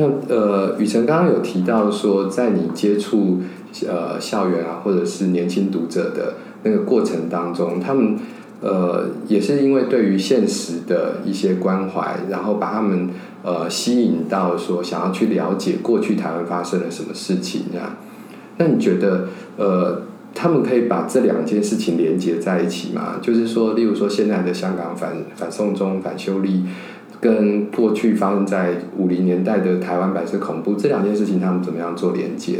那呃，雨辰剛剛有提到說，在你接觸呃校園啊，或者是年輕讀者的那個過程當中，他們呃也是因為對於現實的一些關懷，然後把他們呃吸引到說想要去了解過去台灣發生了什麼事情啊。那你覺得呃，他們可以把這兩件事情連接在一起嗎？就是說，例如說現在的香港反反送中、反修例。跟過去發生在五零年代的台灣白色恐怖，這兩件事情，他們怎麼樣做連結？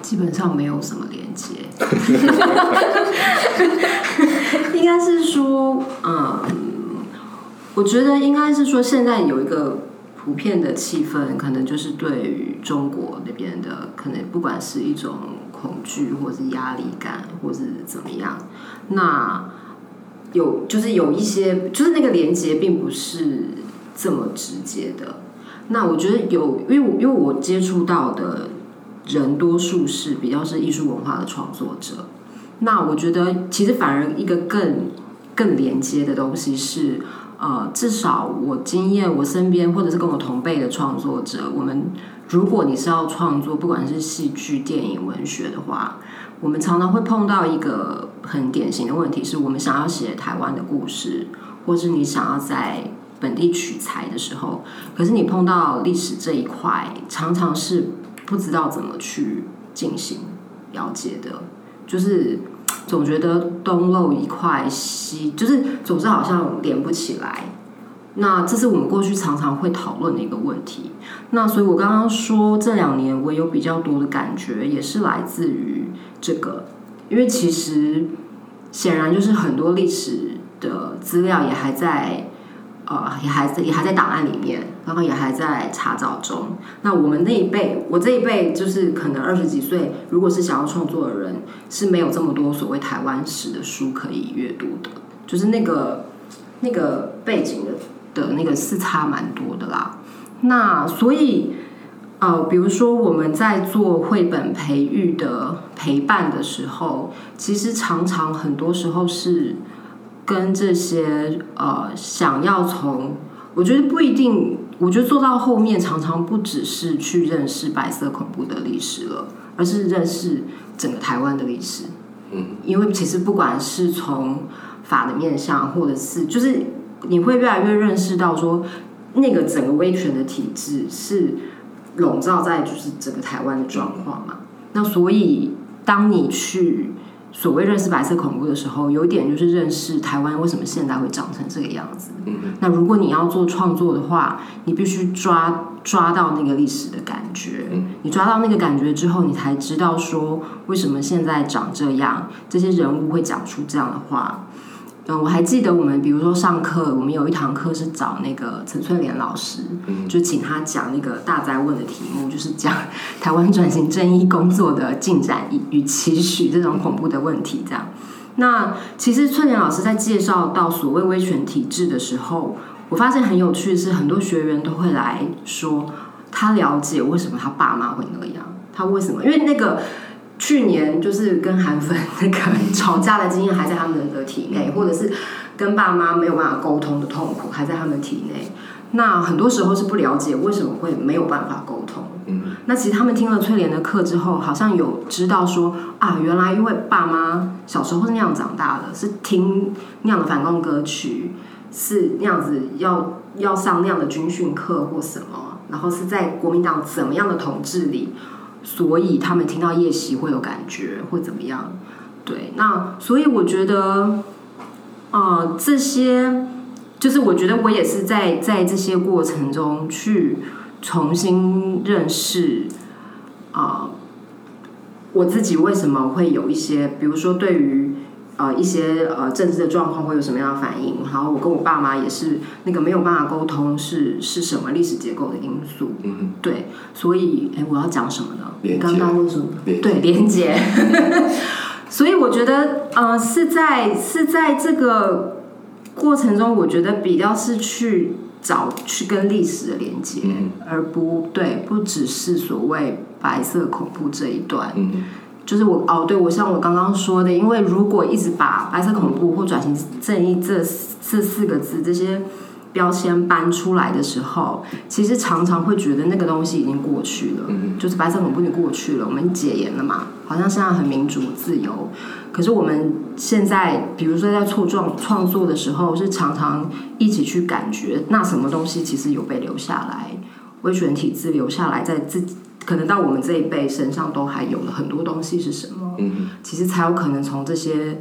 基本上沒有什麼連結。 應該是說，嗯，我覺得應該是說，現在有一個普遍的氣氛，可能就是對於中國那邊的，可能不管是一種恐懼，或是壓力感，或是怎麼樣。那有，就是有一些，就是那個連接並不是這麼直接的。那我覺得有，因為因為我接觸到的人多數是比較是藝術文化的創作者。那我覺得其實反而一個更更連接的東西是，呃，至少我經驗我身邊或者是跟我同輩的創作者，我們如果你是要創作，不管是戲劇、電影、文學的話，我們常常會碰到一個很典型的問題，是我們想要寫台灣的故事，或是你想要在本地取材的時候，可是你碰到歷史這一塊，常常是不知道怎麼去進行了解的，就是總覺得東漏一塊西，就是總是好像連不起來。那這是我們過去常常會討論的一個問題。那所以我剛剛說這兩年我有比較多的感覺，也是來自於。這個，因為其實顯然就是很多歷史的資料也還在，呃，也還在也還在檔案裡面，然後也還在查找中。那我們那一輩，我這一輩就是可能二十幾歲，如果是想要創作的人，是沒有這麼多所謂台灣史的書可以閱讀的，就是那個那個背景的的那個是差蠻多的啦。那所以。呃，比如說我們在做繪本培育的陪伴的時候，其實常常很多時候是跟這些呃，想要從我覺得不一定，我覺得做到後面常常不只是去認識白色恐怖的歷史了，而是認識整個台灣的歷史。嗯，因為其實不管是從法的面向，或者是就是你會越來越認識到說，那個整個威權的體制是。籠罩在就是整個台灣的狀況嘛，那所以當你去所謂認識白色恐怖的時候，有一點就是認識台灣為什麼現在會長成這個樣子。嗯，那如果你要做創作的話，你必須抓抓到那個歷史的感覺，你抓到那個感覺之後，你才知道說為什麼現在長這樣，這些人物會講出這樣的話。嗯，我還記得我們，比如說上課，我們有一堂課是找那個陳翠蓮老師，嗯，就請他講那個大哉問的題目，就是講台灣轉型正義工作的進展與期許這種恐怖的問題。這樣。那其實翠蓮老師在介紹到所謂威權體制的時候，我發現很有趣的是，很多學員都會來說他了解為什麼他爸媽會那樣，他為什麼？因為那個。去年就是跟韓粉那個吵架的經驗還在他們的體內，或者是跟爸媽沒有辦法溝通的痛苦還在他們體內。那很多時候是不了解為什麼會沒有辦法溝通。嗯，那其實他們聽了翠蓮的課之後，好像有知道說啊，原來因為爸媽小時候是那樣長大的，是聽那樣的反共歌曲，是那樣子要要上那樣的軍訓課或什麼，然後是在國民黨怎麼樣的統治裡。所以他們聽到夜襲會有感覺，會怎麼樣？對，那所以我覺得，呃，這些就是我覺得我也是在在這些過程中去重新認識啊，呃，我自己為什麼會有一些，比如說對於。呃，一些呃政治的狀況會有什麼樣的反應？然後我跟我爸媽也是那個沒有辦法溝通是，是是什麼歷史結構的因素？嗯，對，所以誒、欸，我要講什麼呢？剛剛說什麼？結對，連接。 所以我覺得，呃，是在是在這個過程中，我覺得比較是去找去跟歷史的連接，嗯，而不對，不只是所謂白色恐怖這一段。嗯就是我哦，對，我像我剛剛說的，因為如果一直把白色恐怖或轉型正義這四這四個字這些標籤搬出來的時候，其實常常會覺得那個東西已經過去了，嗯嗯，就是白色恐怖已經過去了，我們解嚴了嘛，好像現在很民主自由。可是我們現在，比如說在創作創作的時候，是常常一起去感覺，那什麼東西其實有被留下來。威權體制留下來在自己，可能到我們這一輩身上都還有了很多東西是什麼？嗯、其實才有可能從這些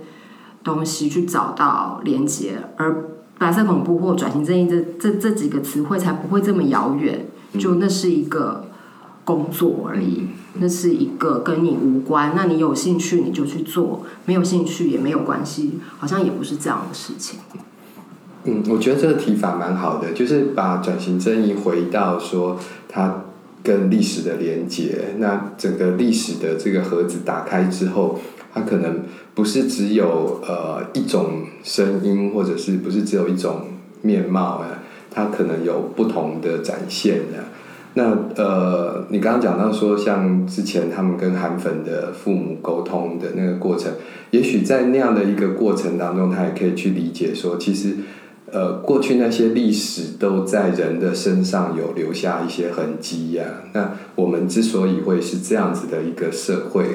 東西去找到連接，而白色恐怖或轉型正義這這這幾個詞彙才不會這麼遙遠。就那是一個工作而已，嗯、那是一個跟你無關。嗯、那你有興趣你就去做，沒有興趣也沒有關係，好像也不是這樣的事情。嗯，我覺得這個提法蠻好的，就是把轉型正義回到說它跟歷史的連結。那整個歷史的這個盒子打開之後，它可能不是只有呃一種聲音，或者是不是只有一種面貌啊？它可能有不同的展現的啊。那呃，你剛剛講到說，像之前他們跟韓粉的父母溝通的那個過程，也許在那樣的一個過程當中，他也可以去理解說，其實。呃，過去那些歷史都在人的身上有留下一些痕跡呀、啊。那我們之所以會是這樣子的一個社會，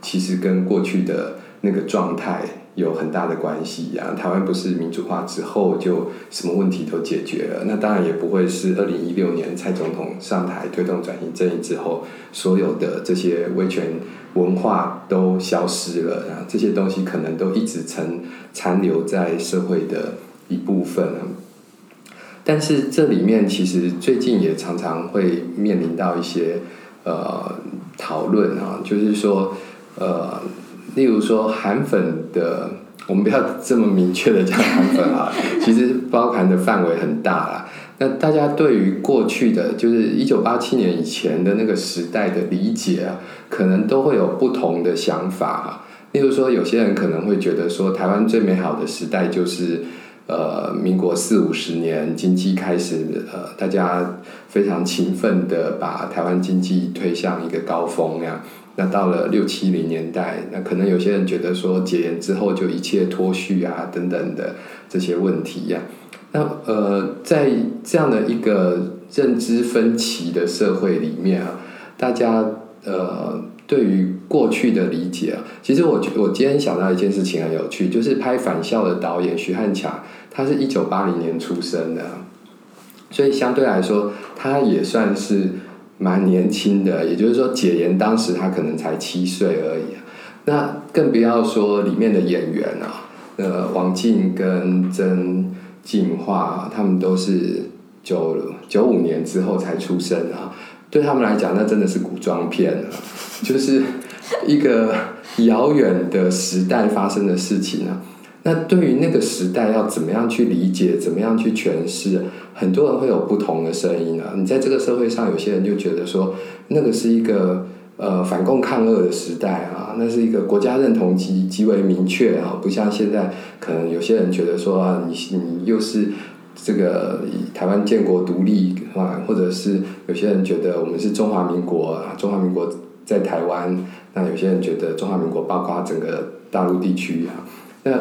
其實跟過去的那個狀態有很大的關係呀、啊。台灣不是民主化之後就什麼問題都解決了？那當然也不會是二零一六年蔡總統上台推動轉型正義之後，所有的這些威權文化都消失了啊。這些東西可能都一直曾殘留在社會的一部分啊，但是這裡面其實最近也常常會面臨到一些呃討論啊，就是說呃，例如說韓粉的，我們不要這麼明確的講韓粉啊， 其實包含的範圍很大啦，那大家對於過去的就是一九八七年以前的那個時代的理解啊，可能都會有不同的想法哈啊。例如說，有些人可能會覺得說，台灣最美好的時代就是。呃，民國四五十年經濟開始，呃，大家非常勤奮的把台灣經濟推向一個高峰呀、啊。那到了六七零年代，那可能有些人覺得說，解嚴之後就一切脫序啊等等的這些問題呀、啊。那呃，在這樣的一個認知分歧的社會裡面啊，大家呃。對於過去的理解啊，其實我我今天想到一件事情很有趣，就是拍《返校》的導演徐漢強，他是一九八零年出生的，所以相對來說他也算是蠻年輕的。也就是說解，解嚴當時他可能才七歲而已，那更不要說裡面的演員啊，呃，王淨跟曾敬驊，他們都是九九五年之後才出生啊。對他們來講，那真的是古裝片了、啊，就是一個遙遠的時代發生的事情了、啊。那對於那個時代，要怎麼樣去理解，怎麼樣去詮釋，很多人會有不同的聲音啊。你在這個社會上，有些人就覺得說，那個是一個呃反共抗俄的時代啊，那是一個國家認同極極為明確啊，不像現在，可能有些人覺得說、啊，你你又是。這個以台灣建國獨立啊，或者是有些人覺得我們是中華民國，中華民國在台灣，那有些人覺得中華民國包括整個大陸地區啊，那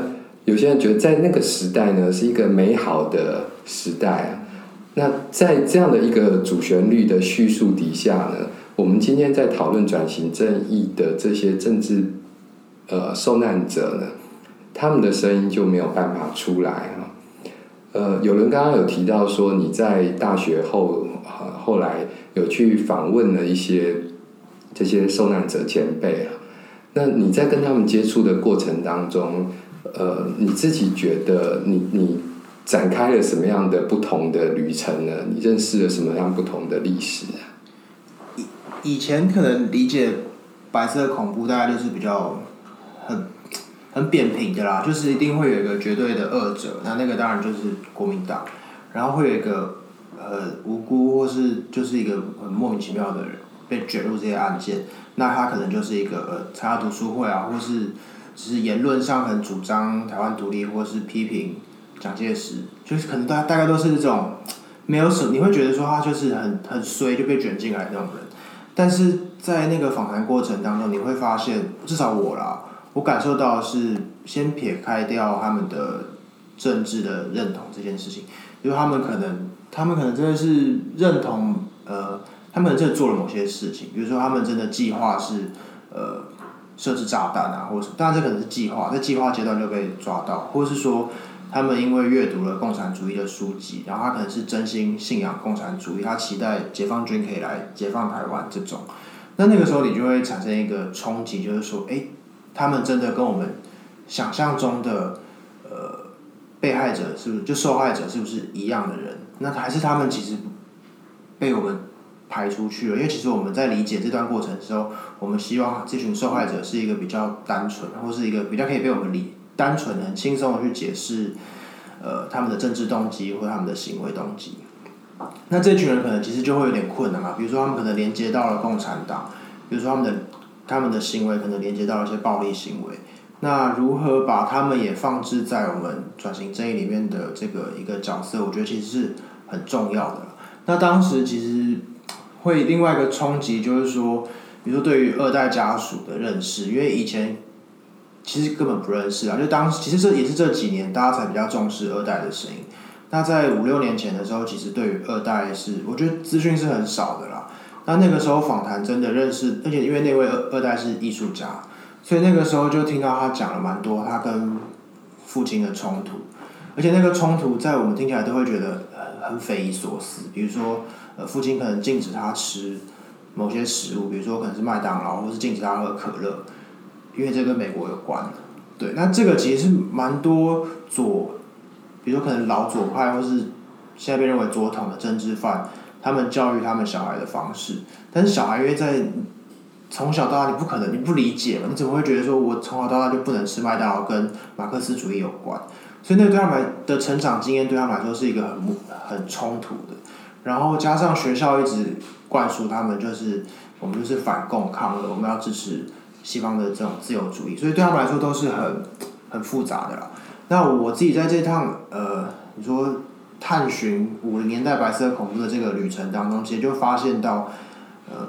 有些人覺得在那個時代呢是一個美好的時代，那在這樣的一個主旋律的敘述底下呢，我們今天在討論轉型正義的這些政治，呃，受難者呢，他們的聲音就沒有辦法出來。呃，有人剛剛有提到說，你在大學後、呃、後來有去訪問了一些這些受難者前輩啊。那你在跟他們接觸的過程當中，呃，你自己覺得你你展開了什麼樣的不同的旅程呢？你認識了什麼樣不同的歷史？以以前可能理解白色恐怖，大概就是比較很很扁平的啦，就是一定會有一個絕對的惡者，那那個當然就是國民黨，然後會有一個呃無辜或是就是一個很莫名其妙的人被捲入這些案件，那他可能就是一個呃參加讀書會啊，或是只是言論上很主張台灣獨立，或是批評蔣介石，就是可能大大概都是那種沒有什麼你會覺得說他就是很很衰就被捲進來的那種人，但是在那個訪談過程當中你會發現，至少我啦。我感受到是先撇開掉他們的政治的認同這件事情，因為他們可能，他們可能真的是認同呃，他們真的做了某些事情，比如說他們真的計劃是呃設置炸彈啊，或者當然這可能是計劃，在計劃階段就被抓到，或是說他們因為閱讀了共產主義的書籍，然後他可能是真心信仰共產主義，他期待解放軍可以來解放台灣這種，那那個時候你就會產生一個衝擊，就是說，誒。他們真的跟我們想象中的呃被害者是不是，就受害者是不是一樣的人？那還是他們其實被我們排出去了？因為其實我們在理解這段過程的時候，我們希望這群受害者是一個比較單純，或是一個比較可以被我們理單純的、輕鬆的去解釋呃他們的政治動機或他們的行為動機。那這群人可能其實就會有點困難嘛，比如說他們可能連接到了共產黨，比如說他們的。他們的行為可能連接到一些暴力行為，那如何把他們也放置在我們轉型正義裡面的這個一個角色，我覺得其實是很重要的。那當時其實會另外一個衝擊就是說，比如說對於二代家屬的認識，因為以前其實根本不認識啊，就當時其實這也是這幾年大家才比較重視二代的聲音。那在五六年前的時候，其實對於二代是，我覺得資訊是很少的啦。那那個時候訪談真的認識，而且因為那位二二代是藝術家，所以那個時候就聽到他講了蠻多他跟父親的衝突，而且那個衝突在我們聽起來都會覺得很匪夷所思，比如說，呃，父親可能禁止他吃某些食物，比如說可能是麥當勞，或是禁止他喝可樂，因為這跟美國有關。對，那這個其實是蠻多左，比如說可能老左派或是現在被認為左統的政治犯。他們教育他們小孩的方式，但是小孩因為在從小到大，你不可能你不理解嘛，你怎麼會覺得說我從小到大就不能吃麥當勞跟馬克思主義有關？所以那個對他們的成長經驗對他們來說是一個很很衝突的。然後加上學校一直灌輸他們就是我們就是反共抗俄，我們要支持西方的這種自由主義，所以對他們來說都是很很複雜的了。那我自己在這趟呃，你說。探尋五零年代白色恐怖的這個旅程當中，其實就發現到，呃，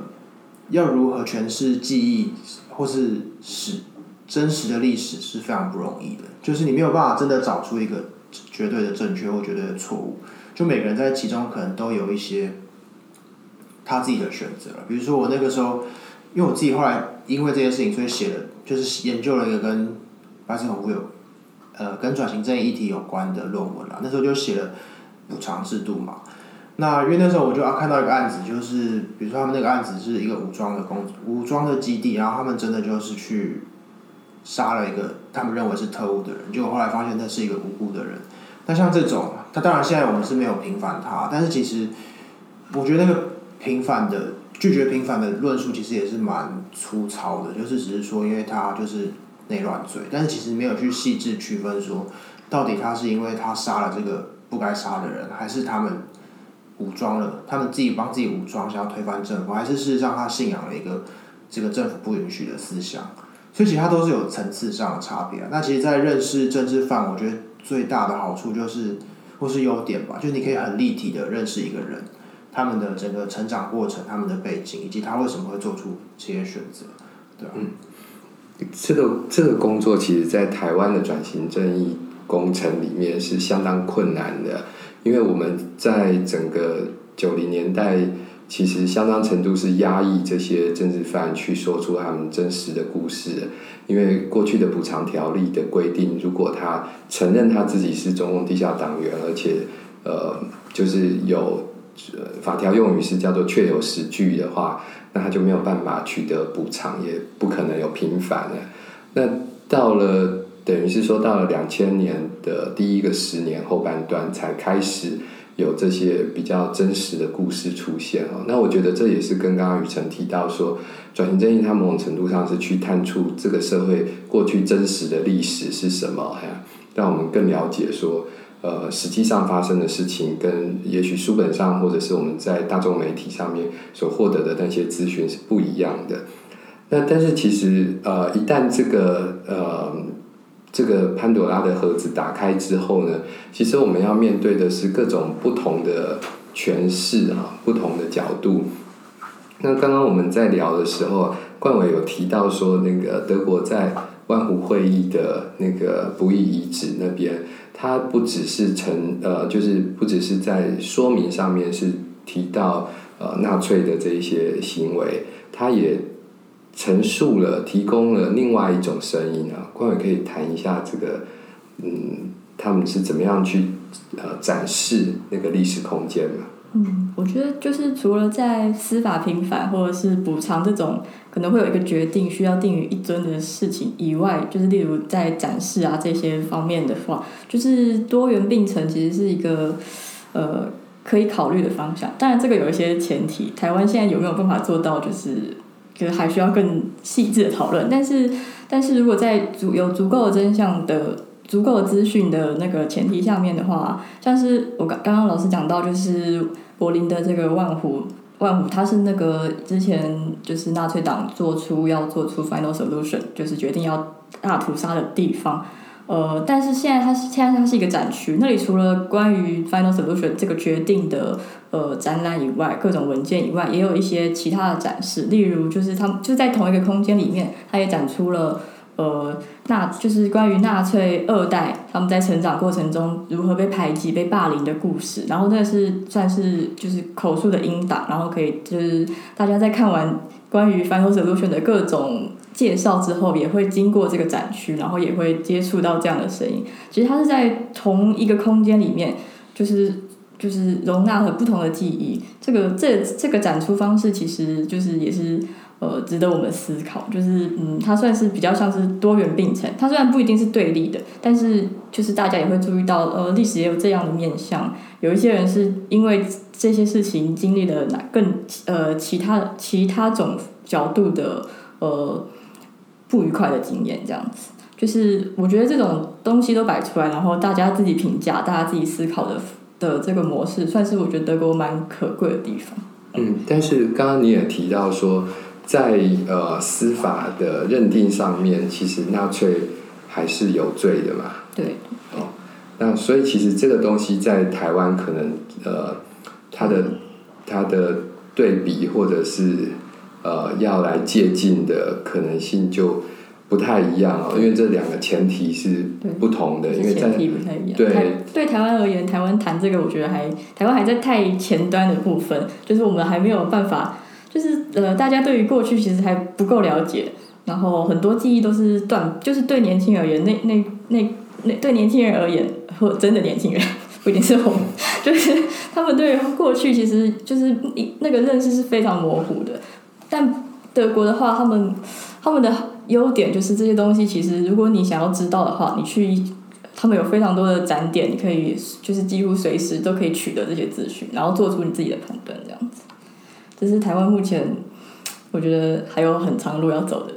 要如何詮釋記憶或是使真實的歷史是非常不容易的，就是你沒有辦法真的找出一個絕對的正確或絕對的錯誤，就每個人在其中可能都有一些他自己的選擇了。比如說我那個時候，因為我自己後來因為這件事情，所以寫了，就是研究了一個跟白色恐怖有，呃，跟轉型正義議題有關的論文啦。那時候就寫了。補償制度嘛，那因為那時候我就要看到一個案子，就是比如說他們那個案子是一個武裝的工，武裝的基地，然後他們真的就是去殺了一個他們認為是特務的人，結果後來發現他是一個無辜的人。那像這種，他當然現在我們是沒有平反他，但是其實我覺得那個平反的拒絕平反的論述其實也是蠻粗糙的，就是只是說因為他就是內亂罪，但是其實沒有去細緻區分說到底他是因為他殺了這個。不該殺的人，還是他們武裝了，他們自己幫自己武裝，想要推翻政府，還是事實上他信仰了一個這個政府不允許的思想，所以其實他都是有層次上的差別，啊。那其實，在認識政治犯，我覺得最大的好處就是或是優點吧，就你可以很立體的認識一個人，嗯、他們的整個成長過程，他們的背景，以及他為什麼會做出這些選擇，對、啊、嗯，這個這個工作，其實，在台灣的轉型正義工程裡面是相當困難的，因為我們在整個九零年代，其實相當程度是壓抑這些政治犯去說出他們真實的故事。因為過去的補償條例的規定，如果他承認他自己是中共地下黨員，而且呃，就是有法條用語是叫做確有實據的話，那他就沒有辦法取得補償，也不可能有平反了。那到了。等於是說，到了兩千年的第一個十年後半段，才開始有這些比較真實的故事出現哦。那我覺得這也是跟剛剛雨辰提到說，轉型正義它某種程度上是去探出這個社會過去真實的歷史是什麼，哈，讓我們更了解說，呃，實際上發生的事情跟也許書本上或者是我們在大眾媒體上面所獲得的那些資訊是不一樣的。那但是其實，呃，一旦這個，呃。這個潘多拉的盒子打開之後呢，其實我們要面對的是各種不同的詮釋哈，不同的角度。那剛剛我們在聊的時候，冠瑋有提到說，那個德國在萬湖會議的那個不義遺址那邊，它不只是成呃，就是不只是在說明上面是提到呃納粹的這一些行為，它也。陳述了，提供了另外一種聲音啊，冠瑋可以談一下這個，嗯，他們是怎麼樣去呃展示那個歷史空間的？嗯，我覺得就是除了在司法平反或者是補償這種可能會有一個決定需要定於一尊的事情以外，就是例如在展示啊這些方面的話，就是多元並存其實是一個呃可以考慮的方向。當然，這個有一些前提，台灣現在有沒有辦法做到？就是就是還需要更細緻的討論，但是，但是如果在足有足夠的真相的、足夠的資訊的那個前提下面的話，像是我剛剛剛老師講到，就是柏林的這個萬湖，萬湖，它是那個之前就是納粹黨做出要做出 Final Solution，就是決定要大屠殺的地方。呃，但是現在它是現在它是一個展區，那裡除了關於 Final Solution 這個決定的呃展覽以外，各種文件以外，也有一些其他的展示，例如就是他們就在同一個空間裡面，它也展出了呃納就是關於納粹二代他們在成長過程中如何被排擠、被霸凌的故事，然後那是算是就是口述的音檔，然後可以就是大家在看完關於 Final Solution 的各種。介紹之後也會經過這個展區，然後也會接觸到這樣的聲音。其實它是在同一個空間裡面，就是就是容納了不同的記憶。這個這這個展出方式，其實就是也是呃值得我們思考。就是嗯，它算是比較像是多元並存。它雖然不一定是對立的，但是就是大家也會注意到，呃，歷史也有這樣的面向。有一些人是因為這些事情經歷了哪更呃其他其他種角度的呃。不愉快的經驗，這樣子，就是我覺得這種東西都擺出來，然後大家自己評價，大家自己思考的的這個模式，算是我覺得德國蠻可貴的地方。嗯，但是剛剛你也提到說，在呃司法的認定上面，其實納粹還是有罪的嘛？對、嗯。哦，那所以其實這個東西在台灣可能呃，它的它的對比或者是。呃，要來借鑑的可能性就不太一樣啊、哦，因為這兩個前提是不同的。對因為在前提不太一樣對台對台灣而言，台灣談這個，我覺得還台灣還在太前端的部分，就是我們還沒有辦法，就是呃，大家對於過去其實還不夠了解，然後很多記憶都是斷，就是對年輕人而言，那那那那對年輕人而言，或真的年輕人不一定是我，就是他們對於過去其實就是那個認識是非常模糊的。但德國的話，他們他們的優點就是這些東西，其實如果你想要知道的話，你去他們有非常多的展點，你可以就是幾乎隨時都可以取得這些資訊，然後做出你自己的判斷，這樣子。這是台灣目前，我覺得還有很長路要走的。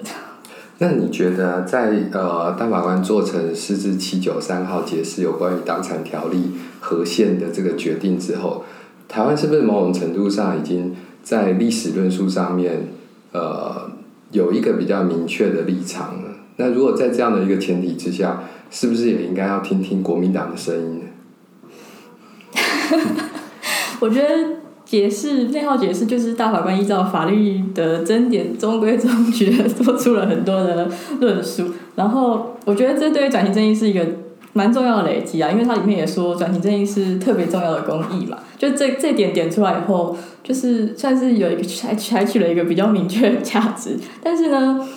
那你覺得在，在呃大法官做成釋字七九三號解釋有關於黨產條例合憲的這個決定之後，台灣是不是某種程度上已經？在歷史論述上面，呃，有一個比較明確的立場呢。那如果在這樣的一個前提之下，是不是也應該要聽聽國民黨的聲音呢？ 我覺得解釋內耗解釋就是大法官依照法律的爭點，中規中矩做出了很多的論述。然後，我覺得這對於轉型正義是一個蠻重要的累積啊，因為它裡面也說轉型正義是特別重要的公益嘛。就這這點點出來以後，就是算是有一個採採取了一個比較明確的價值，但是呢，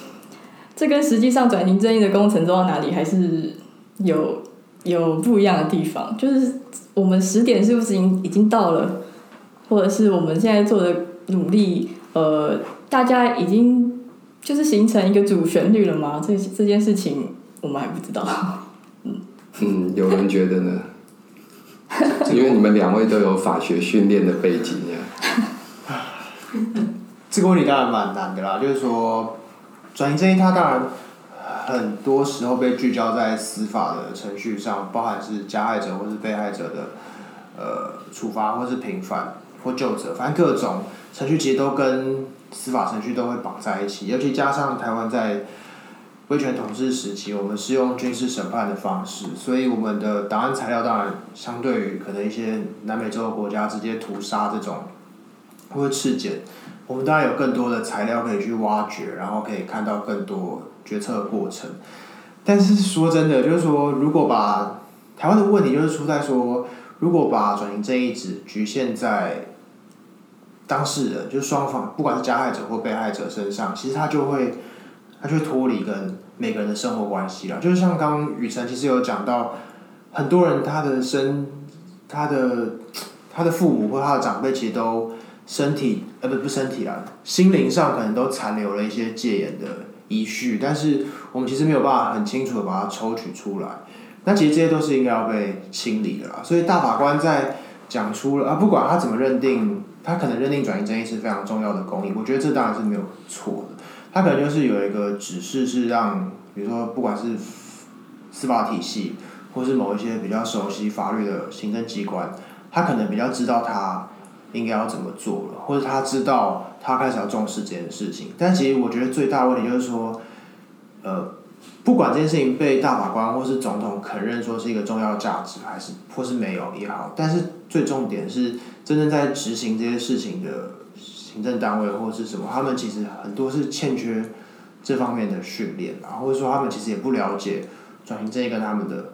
這跟實際上轉型正義的工程做到哪裡還是有有不一樣的地方。就是我們十點是不是已經已經到了，或者是我們現在做的努力，呃，大家已經就是形成一個主旋律了嗎？這這件事情我們還不知道。嗯嗯，友倫覺得呢？ 因為你們兩位都有法學訓練的背景、啊，這 這個問題當然蠻難的啦。就是說，轉型正義它當然很多時候被聚焦在司法的程序上，包含是加害者或是被害者的呃處罰或是平反或究責，反正各種程序其實都跟司法程序都會綁在一起，尤其加上台灣在威權統治時期，我們是用軍事審判的方式，所以我們的檔案材料當然相對於可能一些南美洲國家直接屠殺這種，或者赤柬，我們當然有更多的材料可以去挖掘，然後可以看到更多決策過程。但是說真的，就是說如果把台灣的問題就是出在說，如果把轉型正義只局限在當事人，就是雙方不管是加害者或被害者身上，其實他就會。就脫離跟每個人的生活關係了，就是像剛雨辰其實有講到，很多人他的身、他的、他的父母或他的長輩，其實都身體呃不不身體啊，心靈上可能都殘留了一些戒嚴的遺緒，但是我們其實沒有辦法很清楚的把它抽取出來。那其實這些都是應該要被清理的啦。所以大法官在講出了啊，不管他怎麼認定，他可能認定轉型正義是非常重要的公義，我覺得這當然是沒有錯的。他可能就是有一個指示，是讓比如說，不管是司法體系，或是某一些比較熟悉法律的行政機關，他可能比較知道他應該要怎麼做了，或者他知道他開始要重視這件事情。但其實我覺得最大問題就是說，呃，不管這件事情被大法官或是總統肯認說是一個重要價值，還是或是沒有也好，但是最重點是真正在執行這些事情的，行政單位或者是什麼，他們其實很多是欠缺這方面的訓練，啊。或者說他們其實也不了解轉型正義跟他們的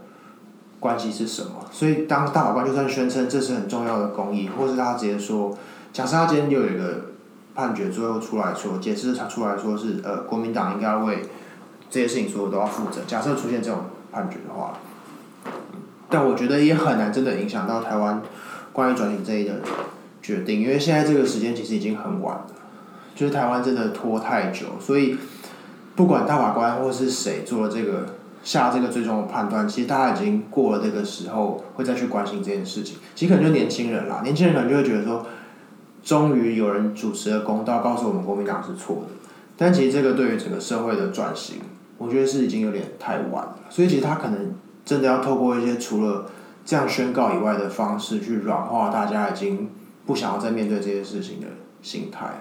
關係是什麼。所以，當大法官就算宣稱這是很重要的公益，或是他直接說，假設他今天有一個判決最後出來說，解釋他出來說是呃國民黨應該為這些事情所有都要負責。假設出現這種判決的話，但我覺得也很難真的影響到台灣關於轉型正義的決定，因為現在這個時間其實已經很晚了，就是台灣真的拖太久，所以不管大法官或是誰做了這個下這個最終的判斷，其實大家已經過了這個時候會再去關心這件事情。其實可能就年輕人啦，年輕人可能就會覺得說，終於有人主持了公道，告訴我們國民黨是錯的。但其實這個對於整個社會的轉型，我覺得是已經有點太晚了。所以其實他可能真的要透過一些除了這樣宣告以外的方式去，去軟化大家已經。不想要再面對這些事情的心態啊。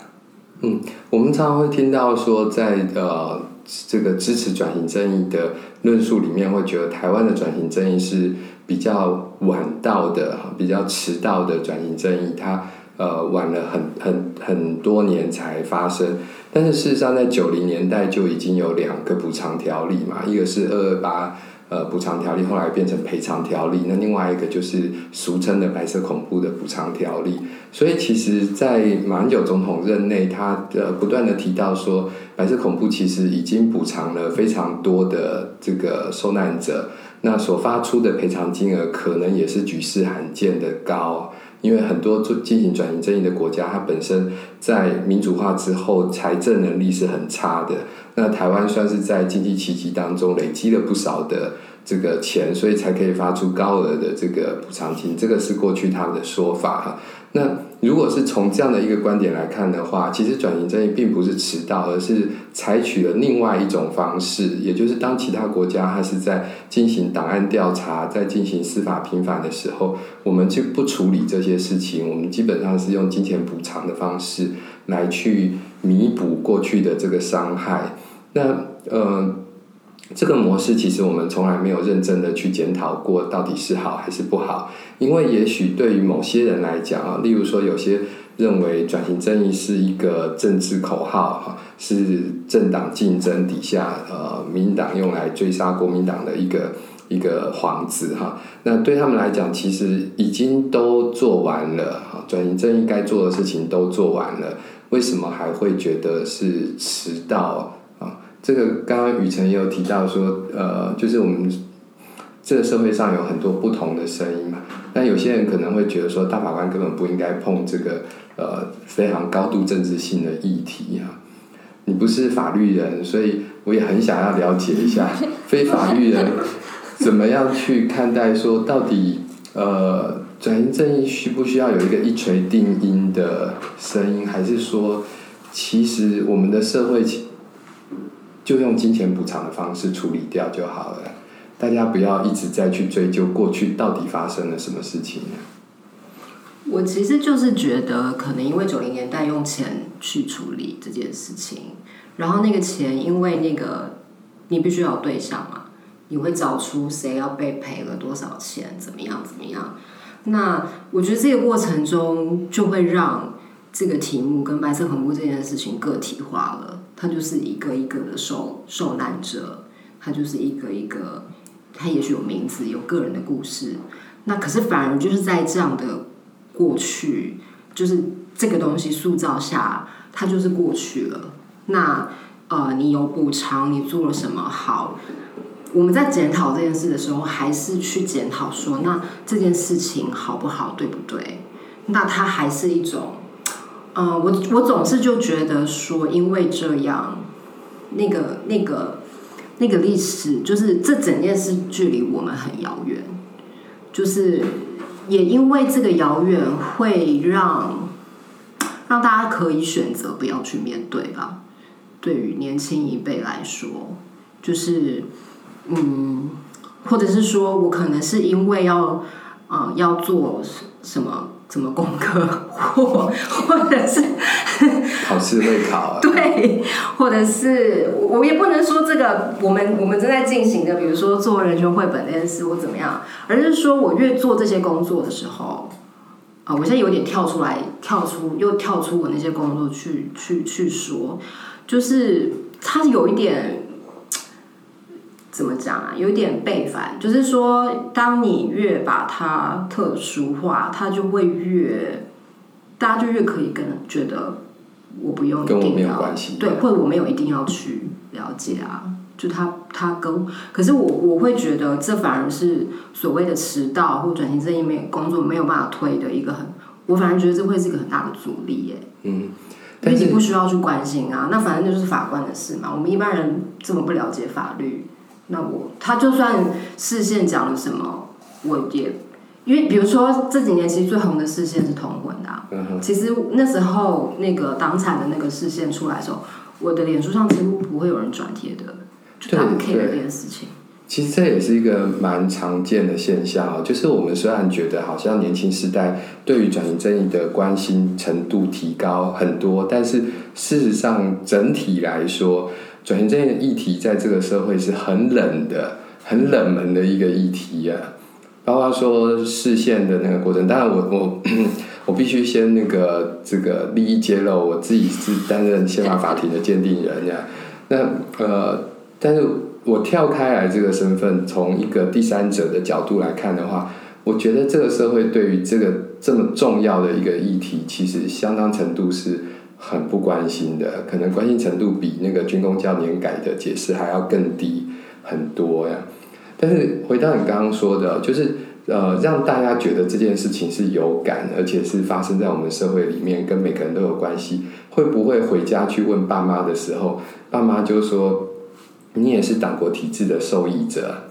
嗯，我們常常會聽到說在，在呃這個支持轉型正義的論述裡面，會覺得台灣的轉型正義是比較晚到的，比較遲到的轉型正義，它呃晚了很很很多年才發生。但是事實上，在九零年代就已經有兩個補償條例嘛，一個是二二八。呃，補償條例後來變成賠償條例。那另外一個就是俗稱的“白色恐怖”的補償條例。所以，其實，在馬英九總統任內，他不斷地提到說，白色恐怖其實已經補償了非常多的這個受難者，那所發出的賠償金額可能也是舉世罕見的高。因為很多做進行轉型正義的國家，它本身在民主化之後，財政能力是很差的。那台灣算是在經濟奇蹟當中累積了不少的這個錢，所以才可以發出高額的這個補償金，這個是過去他們的說法哈。那如果是從這樣的一個觀點來看的話，其實轉型正義並不是遲到，而是採取了另外一種方式，也就是當其他國家還是在進行檔案調查、在進行司法平反的時候，我們就不處理這些事情，我們基本上是用金錢補償的方式來去彌補過去的這個傷害。那呃。這個模式其實我們從來沒有認真的去檢討過到底是好還是不好，因為也許對於某些人來講啊，例如說有些認為轉型正義是一個政治口號哈，是政黨競爭底下呃民黨用來追殺國民黨的一個一個幌子哈。那對他們來講，其實已經都做完了哈，轉型正義該做的事情都做完了，為什麼還會覺得是遲到？這個剛剛雨辰也有提到說，呃，就是我們這個社會上有很多不同的聲音嘛，但有些人可能會覺得說，大法官根本不應該碰這個呃非常高度政治性的議題啊。你不是法律人，所以我也很想要了解一下 非法律人怎麼樣去看待說，到底呃轉型正義需不需要有一個一錘定音的聲音，還是說其實我們的社會？就用金錢補償的方式處理掉就好了，大家不要一直再去追究過去到底發生了什麼事情。我其實就是覺得，可能因為九零年代用錢去處理這件事情，然後那個錢，因為那個你必須有對象嘛，你會找出誰要被賠了多少錢，怎麼樣怎麼樣。那我覺得這個過程中就會讓。這個題目跟白色恐怖這件事情個體化了，他就是一個一個的受受難者，他就是一個一個，他也許有名字，有個人的故事。那可是反而就是在這樣的過去，就是這個東西塑造下，它就是過去了。那呃，你有補償，你做了什麼好？我們在檢討這件事的時候，還是去檢討說，那這件事情好不好，對不對？那它還是一種。嗯，我我總是就覺得說，因為這樣，那個那個那個歷史，就是這整件事距離我們很遙遠，就是也因為這個遙遠，會讓讓大家可以選擇不要去面對吧。對於年輕一輩來說，就是嗯，或者是說我可能是因為要嗯要做什麼。怎麼功課或或者是考試 會考、啊？對，或者是我也不能說這個，我們我們正在進行的，比如說做人權繪本這件事我怎麼樣，而是說我越做這些工作的時候，啊、呃，我現在有點跳出來，跳出又跳出我那些工作去去去說，就是它有一點。怎麼講啊？有一點背反，就是說，當你越把它特殊化，它就會越，大家就越可以跟覺得我不用一定要跟我沒有關係，對，或者我沒有一定要去了解啊。就他他跟，可是我我會覺得這反而是所謂的遲到或轉型正義工作沒有辦法推的一個很，我反而覺得這會是一個很大的阻力耶、欸。嗯，因為你不需要去關心啊，那反正那就是法官的事嘛。我們一般人這麼不了解法律。那我他就算釋憲講了什麼，我也因為比如說這幾年其實最紅的釋憲是同婚的，啊，嗯、哼其實那時候那個黨產的那個釋憲出來的時候，我的臉書上幾乎不會有人轉貼的，就他們 care 這件事情對對。其實這也是一個蠻常見的現象，就是我們雖然覺得好像年輕世代對於轉型正義的關心程度提高很多，但是事實上整體來說。轉型這個議題在這個社會是很冷的、很冷門的一個議題呀、啊，包括說釋憲的那個過程。當然我，我我我必須先那個這個利益揭露，我自己是擔任憲法法庭的鑑定人呀、啊。嗯、那呃，但是我跳開來這個身份，從一個第三者的角度來看的話，我覺得這個社會對於這個這麼重要的一個議題，其實相當程度是。很不關心的，可能關心程度比那個軍公教年改的解釋還要更低很多呀。但是回到你剛剛說的，就是呃，讓大家覺得這件事情是有感，而且是發生在我們社會裡面，跟每個人都有關係。會不會回家去問爸媽的時候，爸媽就說：“你也是黨國體制的受益者，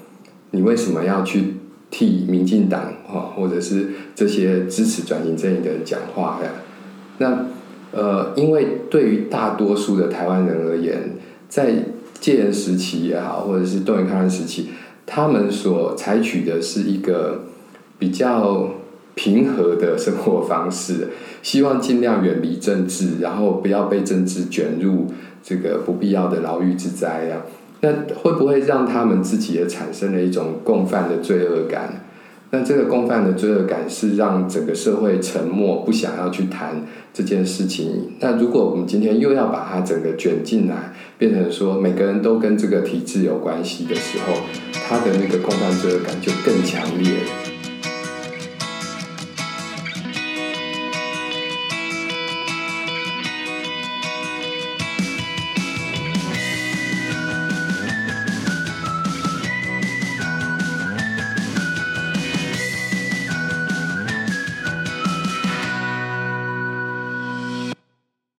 你為什麼要去替民進黨啊，或者是這些支持轉型正義的人講話呀？”那呃，因為對於大多數的台灣人而言，在戒嚴時期也好，或者是動員戡亂時期，他們所採取的是一個比較平和的生活方式，希望盡量遠離政治，然後不要被政治卷入這個不必要的牢獄之災啊，那會不會讓他們自己也產生了一種共犯的罪惡感？那這個共犯的罪惡感是讓整個社會沉默，不想要去談這件事情。那如果我們今天又要把它整個捲進來，變成說每個人都跟這個體制有關係的時候，他的那個共犯罪惡感就更強烈。